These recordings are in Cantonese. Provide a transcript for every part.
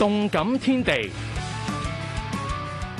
動感天地。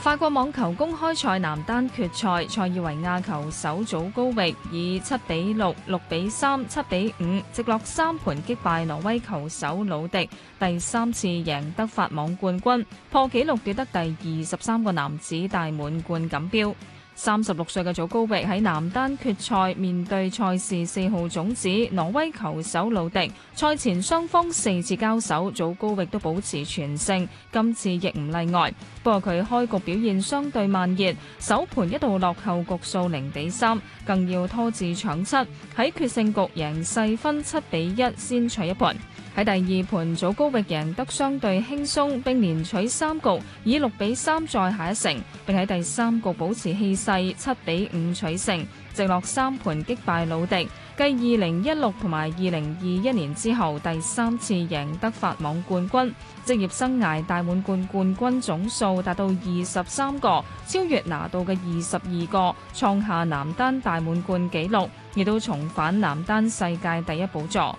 法國網球公開賽男單決賽，塞爾維亞球手祖高域以七比六、六比三、七比五，直落三盤擊敗挪威球手魯迪，第三次贏得法網冠軍，破紀錄奪得第二十三個男子大滿貫錦標。三十六歲嘅祖高域喺男單決賽面對賽事四號種子挪威球手魯迪，賽前雙方四次交手，祖高域都保持全勝，今次亦唔例外。不過佢開局表現相對慢熱，首盤一度落後局數零比三，更要拖至搶七，喺決勝局贏細分七比一先取一盤。喺第二盤祖高域贏得相對輕鬆，並連取三局以六比三再下一城，並喺第三局保持氣勢七比五取勝，直落三盤擊敗魯迪，繼二零一六同埋二零二一年之後第三次贏得法網冠軍，職業生涯大滿貫冠軍總數達到二十三個，超越拿度嘅二十二個，創下男單大滿貫紀錄，亦都重返男單世界第一寶座。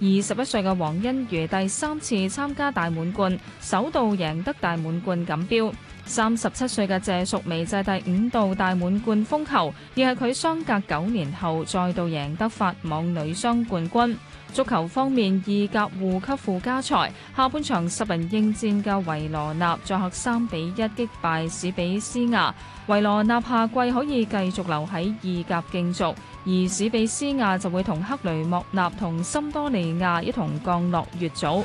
二十一歲嘅黃欣如第三次參加大滿貫，首度贏得大滿貫錦標。三十七歲嘅謝淑薇就係第五度大滿貫封后，亦係佢相隔九年後再度贏得法網女雙冠軍。足球方面，意甲護級附加賽，下半場十人應戰嘅維羅納作客三比一擊敗史比斯亞。維羅納下季可以繼續留喺意甲競逐，而史比斯亞就會同克雷莫納同森多利亞一同降落乙組。